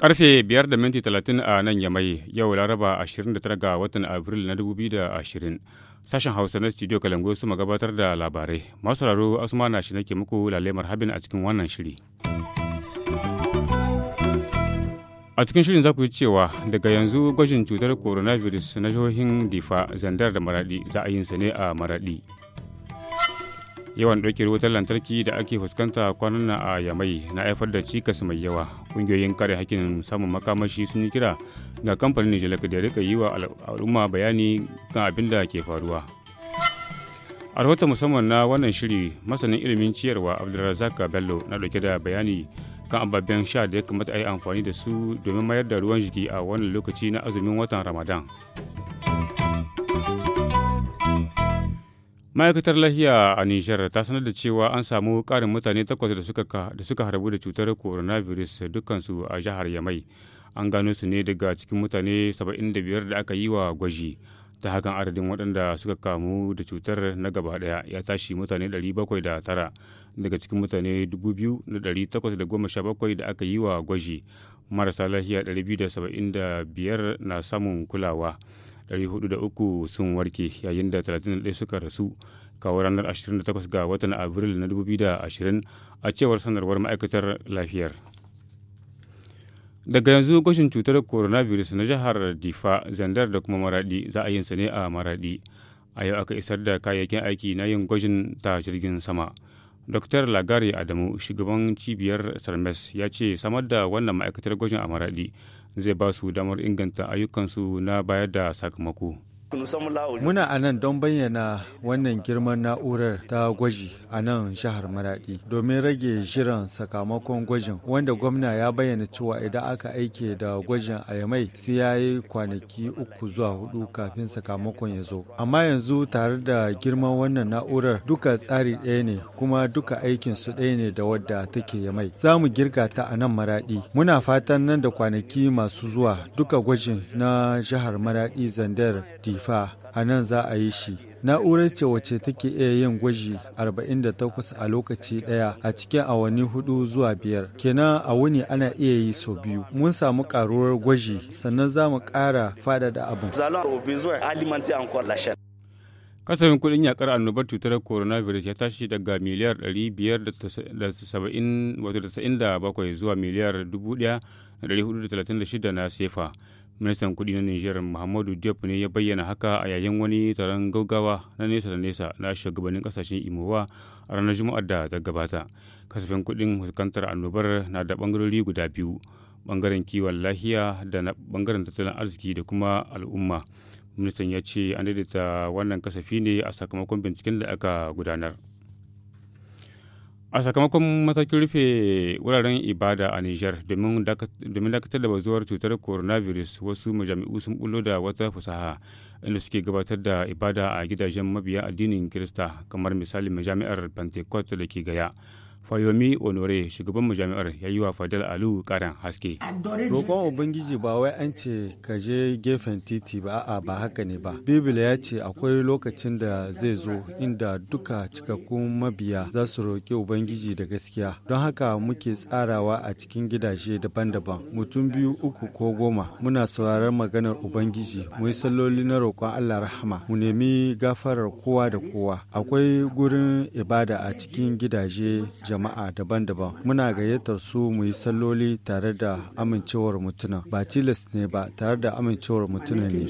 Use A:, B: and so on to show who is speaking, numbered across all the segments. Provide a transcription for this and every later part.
A: Karfe 5 da minti talatin a nan Yamai, yau Laraba 29 ga watan Abril na 2020. Sashen Hausa na Studio Kalangu su gabatar da labarai. Masu raro Asuma na shi nake muku lalemar habin a cikin wannan shiri. a cikin shirin za ku yi cewa daga yanzu gwajin cutar coronavirus na jihohin difa zandar da maradi za a yin sa ne a maradi yawan ɗauke wutar lantarki da ake fuskanta kwanan na a yamai na haifar da cikas mai yawa ƙungiyoyin kare hakkin samun makamashi sun yi kira ga kamfanin da da rika yi wa al'umma bayani kan abin da ke faruwa a rahoton musamman na wannan shiri masanin ilimin ciyarwa abdulrazak bello na ɗauke da bayani kan ababen sha da ya kamata a yi amfani da su domin mayar da ruwan jiki a wannan lokaci na azumin watan ramadan ma'aikatar lahiya a nijar ta sanar da cewa an samu karin mutane takwas da suka harbu da cutar coronavirus dukansu a jihar yamai an gano su ne daga cikin mutane 75 da aka yi wa gwaji ta hakan adadin waɗanda suka kamu da cutar na gaba ɗaya ya tashi mutane 709 daga cikin mutane 2,817 da aka yi wa gwaji marasa lafiya 275 na samun kulawa 403 sun warke yayin da 31 suka rasu kawo ranar 28 ga watan abril na 2020 a cewar sanarwar ma'aikatar lafiyar. daga yanzu gwajin cutar coronavirus na jihar difa zandar da kuma maradi za a yin sa ne a maradi a yau aka isar da kayayyakin aiki na yin gwajin ta jirgin sama dr lagari adamu shugaban cibiyar sarmes ya ce samar da wannan ma'aikatar gwajin a maradi zai ba su damar inganta ayyukansu na bayar da sakamako
B: Muna a nan don bayyana wannan girman na'urar ta gwaji a nan jihar Maradi domin rage shirin sakamakon gwajin wanda gwamna ya bayyana cewa idan aka aike da gwajin a yamai sai ya yi kwanaki uku zuwa hudu kafin sakamakon ya zo. Amma yanzu tare da girman wannan na'urar duka tsari ɗaya ne kuma duka aikin su ɗaya ne da wadda take yamai. Za mu girka ta a nan Maradi. Muna fatan nan da kwanaki masu zuwa duka gwajin na jihar Maradi Zandar di difa a nan za a yi shi na'urar ce wacce take iya yin gwaji 48 a lokaci daya a cikin awanni hudu zuwa biyar kenan a wuni ana iya yi sau biyu mun samu karuwar gwaji sannan za mu kara da abin
A: kasafin kudin yakar annobar cutar coronavirus ya tashi daga miliyar 577 zuwa miliyar 1436 na sefa ministan kudi na nijar muhammadu diop ne ya bayyana haka a yayin wani taron gaugawa na nesa da nesa na shugabannin kasashen imowa a ranar juma'ar da ta gabata kasafin kudin fuskantar annobar na da bangarori guda biyu bangaren kiwon lahiya da na bangaren tattalin arziki da kuma al'umma ministan ya ce an daidaita wannan kasafi ne a sakamakon binciken da aka gudanar a sakamakon matakin rufe wuraren ibada a niger domin dakatar da bazuwar cutar coronavirus wasu majami'u sun bullo da wata fasaha inda suke gabatar da ibada a gidajen mabiya addinin kirista kamar misali majami'ar pentecost da ke gaya Fayomi Onore shugaban majami'ar ya yi wa fadal Alu karan haske. Roƙon Ubangiji ba wai an ce
B: ka je gefen titi ba a'a ba haka ne ba. Bibila ya ce akwai lokacin da zai zo inda duka cikakkun mabiya za su roƙi Ubangiji da gaskiya. Don haka muke tsarawa a cikin gidaje daban-daban. Mutum biyu uku ko goma muna sauraron maganar Ubangiji mu yi salloli na roƙon Allah rahama mu nemi gafarar kowa da kowa. Akwai gurin ibada a cikin gidaje jama'a. jama'a daban-daban muna gayyatar su mu yi salloli tare da amincewar mutuna ba tilas ne ba
A: tare da amincewar mutuna ne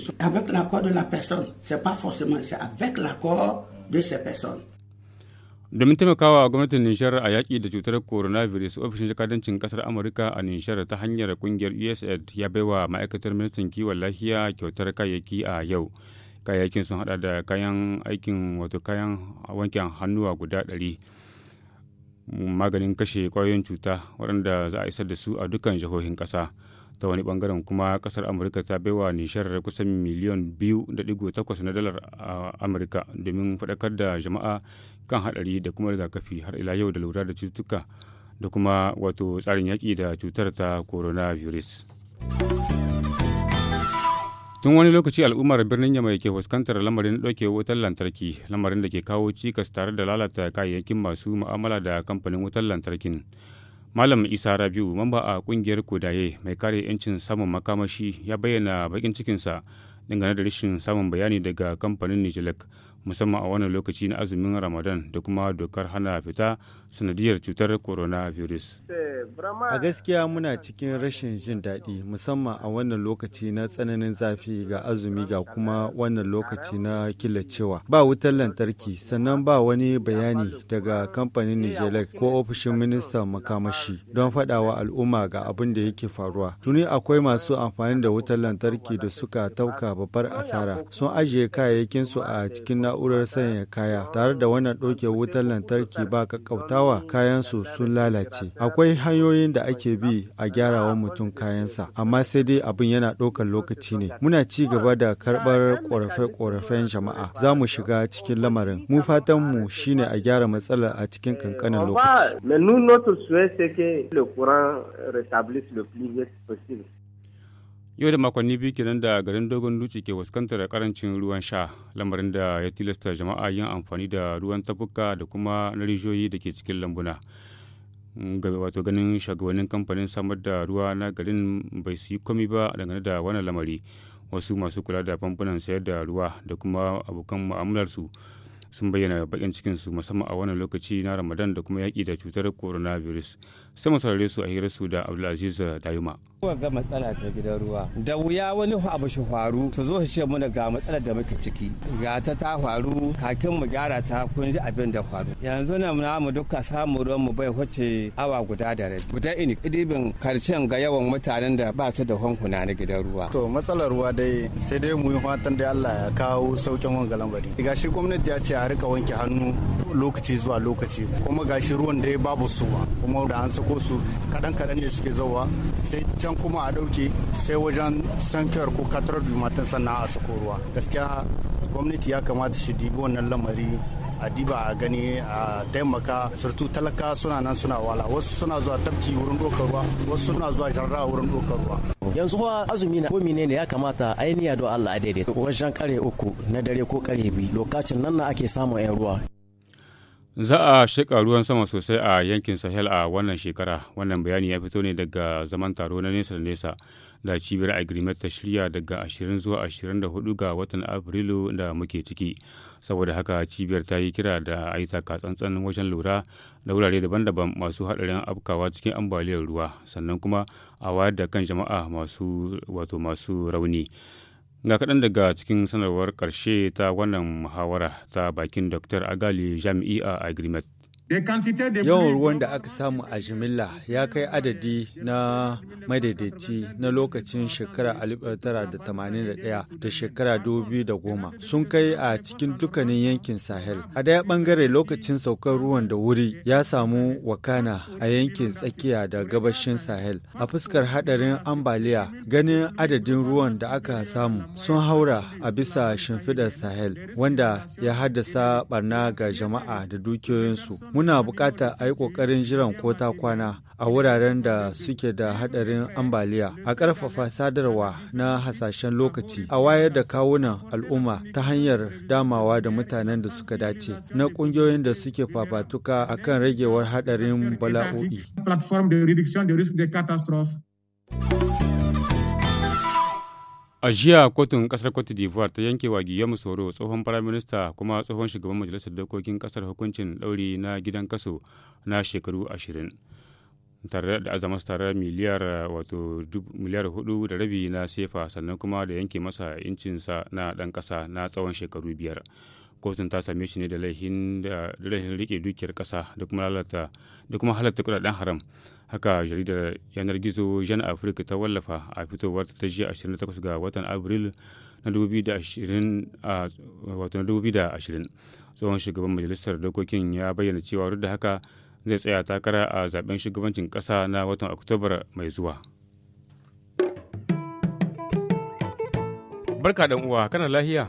A: domin taimakawa gwamnatin nishar a yaƙi da cutar coronavirus ofishin jakadancin ƙasar amurka a nishar ta hanyar kungiyar usaid ya baiwa ma'aikatar ministan kiwon lafiya kyautar kayayyaki a yau kayayyakin sun hada da kayan aikin wato kayan wanke hannuwa guda ɗari maganin kashe kwayoyin cuta waɗanda za a isar da su a dukkan jihohin ƙasa ta wani bangaren kuma ƙasar amurka ta baiwa nishar kusan miliyan biyu da ɗigo takwas na dalar amurka domin faɗakar da jama'a kan haɗari da kuma rigakafi har ila yau da lura da cututtuka da kuma wato tsarin yaƙi da cutar ta coronavirus. tun wani lokaci al'ummar birnin yamai ke fuskantar lamarin ɗauke wutar lantarki lamarin da ke kawo cikas tare da lalata kayayyakin masu mu'amala da kamfanin wutar lantarkin malam isa rabiu mamba a ƙungiyar kudaye mai kare 'yancin samun makamashi ya bayyana bakin cikinsa dangane da rashin samun bayani daga kamfanin nijilek musamman a wannan lokaci na azumin ramadan da kuma dokar hana fita sanadiyar cutar coronavirus
B: a gaskiya muna cikin rashin jin daɗi musamman a wannan lokaci na tsananin zafi ga azumi ga kuma wannan lokaci na killacewa ba wutar lantarki sannan ba wani bayani daga kamfanin nijelek ko ofishin ministan makamashi don faɗawa al'umma ga abin da yake faruwa tuni akwai masu amfani da wutar lantarki da suka tauka babbar asara sun ajiye kayayyakinsu a cikin na'urar sanya kaya tare da wannan ɗauke wutar lantarki ba kakkautawa kayan su sun lalace akwai hanyoyin da ake bi a gyarawa mutum kayansa amma sai dai abin yana ɗaukar lokaci ne muna ci gaba da karɓar ƙorafe-ƙorafen jama'a za mu shiga cikin lamarin mu fatan mu shine a gyara matsalar a cikin kankanin lokaci
A: yau da makonni biyu kenan da garin dogon dutse ke fuskantar karancin ruwan sha lamarin da ya tilasta jama'a yin amfani da ruwan tafuka da kuma na rijiyoyi da ke cikin lambuna mm, wato ganin shagabannin kamfanin samar da ruwa na garin bai su yi komi ba dangane da wannan lamari wasu masu kula da famfunan sayar da ruwa da kuma abokan mu'amalar su sun bayyana bakin cikinsu musamman a wannan lokaci na ramadan da kuma yaƙi da cutar coronavirus sai masarare su a hirarsu da abdulaziz dayuma
B: kuma ga matsala ta gidan ruwa da wuya wani abu shi faru su zo shi mun ga matsalar da muke ciki ga ta ta faru kakin mu gyara ta kun ji abin da faru yanzu na na mu duka samu ruwan mu bai wuce awa guda da rai. guda ini kidibin karshen ga yawan mutanen da ba su da hankuna na gidan ruwa to matsalar ruwa dai sai dai mu yi fatan da Allah ya kawo saukin wangalan bari ga shi gwamnati ya ce a rika wanke hannu lokaci zuwa lokaci kuma gashi ruwan da babu suwa kuma da an sako su kadan kadan ne suke zauwa sai can kuma a dauke sai wajen sankiyar ko katarar jumatan sannan a sako ruwa gaskiya gwamnati ya kamata shi dibi wannan lamari a diba a gani a taimaka surtu talaka suna nan suna wala wasu suna zuwa tafki wurin dokar ruwa wasu suna zuwa jarra wurin dokar ruwa yanzu kuwa azumi na komi ne ya kamata ainiya don Allah a daidaita wajen kare uku na dare ko kare biyu lokacin nan na ake samun 'yan ruwa
A: Za a ruwan sama sosai a yankin Sahel a wannan shekara. Wannan bayani ya fito ne daga zaman taro na nesa da nesa da cibiyar Agrimet ta shirya daga 20 zuwa 24 ga watan Afrilu da muke ciki. Saboda haka cibiyar ta yi kira da a yi tsantsan wajen lura da wurare daban-daban masu haɗarin afkawa cikin ambaliyar ruwa sannan kuma a wayar da kan jama'a masu wato masu rauni. Ga kaɗan daga cikin sanarwar ƙarshe ta wannan muhawara ta bakin Dr. Agali a Agrimet. Yawan ruwan
B: da aka samu a jimilla ya kai adadi na madaidaici na lokacin shekara 1981 da shekara 2010 sun kai a cikin dukkanin yankin Sahel. A daya bangare lokacin saukar ruwan da wuri ya samu wakana a yankin tsakiya da gabashin Sahel. A fuskar hadarin ambaliya ganin adadin ruwan da aka samu sun haura a bisa shimfidar Sahel wanda ya haddasa barna ga jama'a da dukiyoyinsu. muna bukata a yi ƙoƙarin jiran ko ta kwana a wuraren da suke da haɗarin ambaliya a ƙarfafa sadarwa na hasashen lokaci a wayar da kawunan al'umma ta hanyar damawa da mutanen da suka dace na ƙungiyoyin da suke fafatuka akan ragewar haɗarin bala'o'i.
A: A jiya kotun kasar Cote d'Ivoire ta yanke wa Guillaume Soro tsohon firaminista kuma tsohon shugaban majalisar dokokin kasar hukuncin ɗauri na gidan kaso na shekaru ashirin. Tare da azama tare miliyar wato miliyar hudu da rabi na sefa sannan kuma da yanke masa incinsa na ɗan ƙasa na tsawon shekaru biyar. kotun ta same shi ne da laifin rike dukiyar kasa da kuma halatta da kuma halatta kudaden haram haka jaridar yanar gizo jan afirka ta wallafa a fitowar ta ji 28 ga watan abril na 2020 tsohon shugaban majalisar dokokin ya bayyana cewa duk da haka zai tsaya takara a zaben shugabancin kasa na watan oktobar mai zuwa barka dan uwa kana lahiya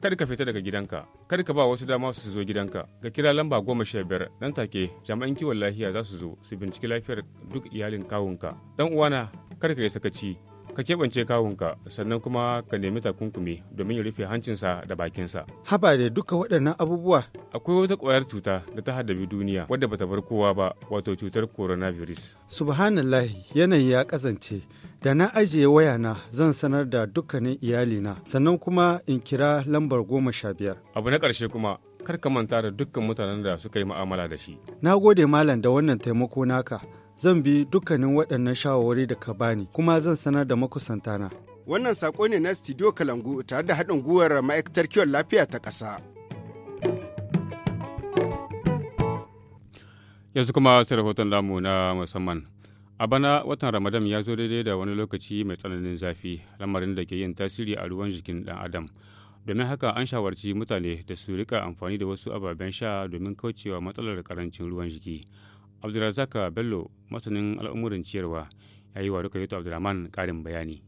A: kar ka fita daga gidanka kar ka ba wasu dama su zo gidanka ga kira lamba goma sha biyar nan take jami'an kiwon lafiya za su zo su binciki lafiyar duk iyalin kawunka dan uwana kar ka yi sakaci ka keɓance kawunka sannan kuma ka nemi takunkumi domin ya rufe hancinsa da bakinsa. Haba da duka waɗannan abubuwa. Akwai wata ƙwayar cuta da ta haddabi duniya wadda bata bar kowa ba wato cutar coronavirus. Subhanallah yanayi ya kasance
B: da na ajiye wayana zan sanar da dukkanin iyalina sannan kuma in kira lambar goma sha biyar.
A: Abu na ƙarshe kuma karka manta da dukkan mutanen da suka yi ma'amala da shi.
B: Na gode malam da wannan taimako naka zan bi dukkanin waɗannan shawarwari da ka bani kuma zan sanar da makusantana.
A: Wannan saƙo ne
B: na Studio Kalangu tare da haɗin gwiwar ma'aikatar kiwon lafiya ta ƙasa.
A: Yanzu kuma sai rahoton lamu na musamman. A bana watan Ramadan ya zo daidai da wani lokaci mai tsananin zafi, lamarin da ke yin tasiri a ruwan jikin dan Adam. Domin haka an shawarci mutane da su rika amfani da wasu ababen sha domin kaucewa matsalar karancin ruwan jiki. Abdulrazak Bello, masanin al'amuran ciyarwa, ya yi wa yato Abdulrahman ƙarin bayani.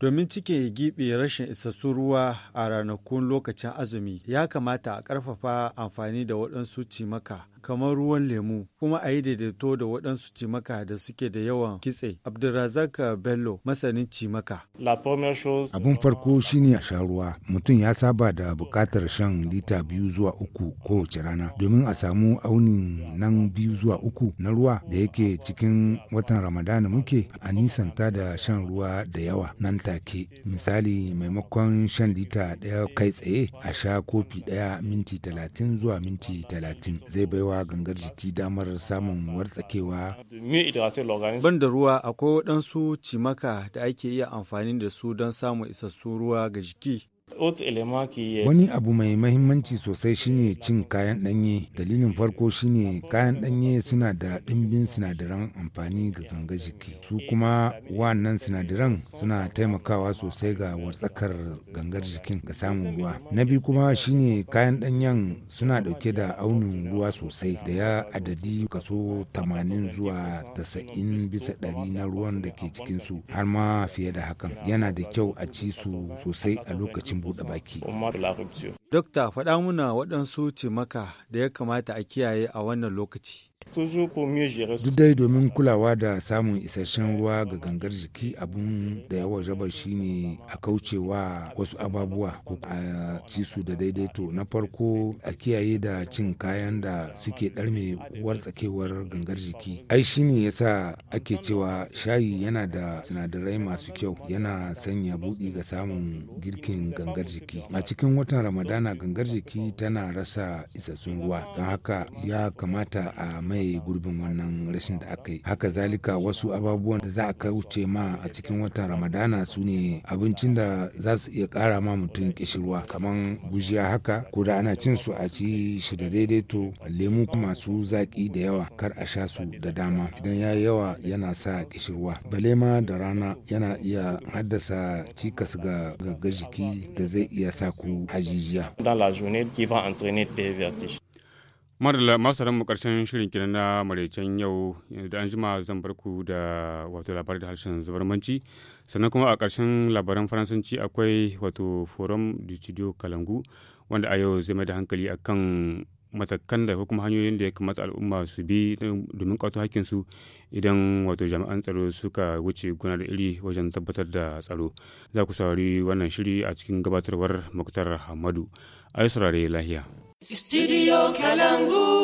B: Domin cike giɓi rashin isassun ruwa a ranakun lokacin azumi, ya kamata a ƙarfafa amfani da waɗansu cimaka kamar ruwan lemu kuma a yi daidaito da waɗansu cimaka da suke da yawan kitse. Abdulrazak Bello masanin cimaka.
C: Abin farko shine a sha ruwa. Mutum ya saba da buƙatar shan lita biyu zuwa uku kowace rana domin a samu aunin nan biyu zuwa uku na ruwa da yake cikin watan Ramadana muke a nisanta da shan ruwa da yawa nan take. Misali maimakon shan lita ɗaya kai tsaye a sha kofi ɗaya minti talatin zuwa minti talatin zai baiwa wa gangar jiki damar samun wartsakewa.
B: Ban da ruwa akwai waɗansu cimaka da ake iya amfani da su don samun isassun ruwa ga jiki. Wani abu
C: mai mahimmanci sosai shine cin kayan ɗanye. Dalilin farko shine kayan ɗanye suna da ɗimbin sinadaran amfani ga ganga jiki. Su kuma wannan sinadaran suna taimakawa sosai ga watsakar gangar jikin ga samun ruwa. Na biyu kuma shine kayan ɗanyen suna ɗauke da aunin ruwa sosai da ya adadi kaso 80 zuwa 90 bisa ɗari na ruwan da ke cikinsu har ma fiye da hakan. Yana da kyau a ci su sosai a lokacin buɗe baki.
B: Dokta faɗa muna waɗansu maka da ya kamata a kiyaye a wannan lokaci. Duk dai domin
C: kulawa da samun isasshen ruwa ga gangar jiki abun da yawa jaba ne a kaucewa wasu ababuwa ko a ci su da daidaito na farko a kiyaye da cin kayan da suke ɗarme wartsakewar gangar jiki. Ai shi ne shine yasa ake cewa shayi yana da sinadarai masu kyau yana sanya buɗi ga samun girkin gangar jiki. A cikin watan Ramadana gangar jiki tana rasa isassun ruwa don haka ya kamata a mai yi gurbin wannan rashin da aka yi haka zalika wasu ababuwan da za a wuce ma a cikin watan ramadana su ne abincin da za su iya kara ma mutum kishirwa kamar gujiya haka ko da ana cin su a ci shi da daidaito lemu masu zaki da yawa kar a sha su da dama idan ya yawa yana sa kishirwa bale ma da rana yana iya haddasa cikas ga gaggar da zai iya sa ku hajijiya.
A: Dans madalla masu mu karshen shirin kiran na maraicen yau da an jima zan bar ku da wato labarai da harshen zubarmanci sannan kuma a karshen labaran faransanci akwai wato forum du studio kalangu wanda a yau zai mai da hankali akan matakan da kuma hanyoyin da ya kamata al'umma su bi domin kwato su idan wato jami'an tsaro suka wuce guna da iri wajen tabbatar da tsaro za ku saurari wannan shiri a cikin gabatarwar muktar hamadu a yi saurare lahiya Studio
B: Kalangu.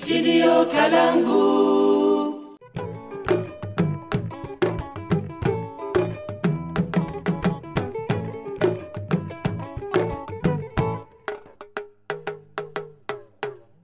B: studio
A: kalangu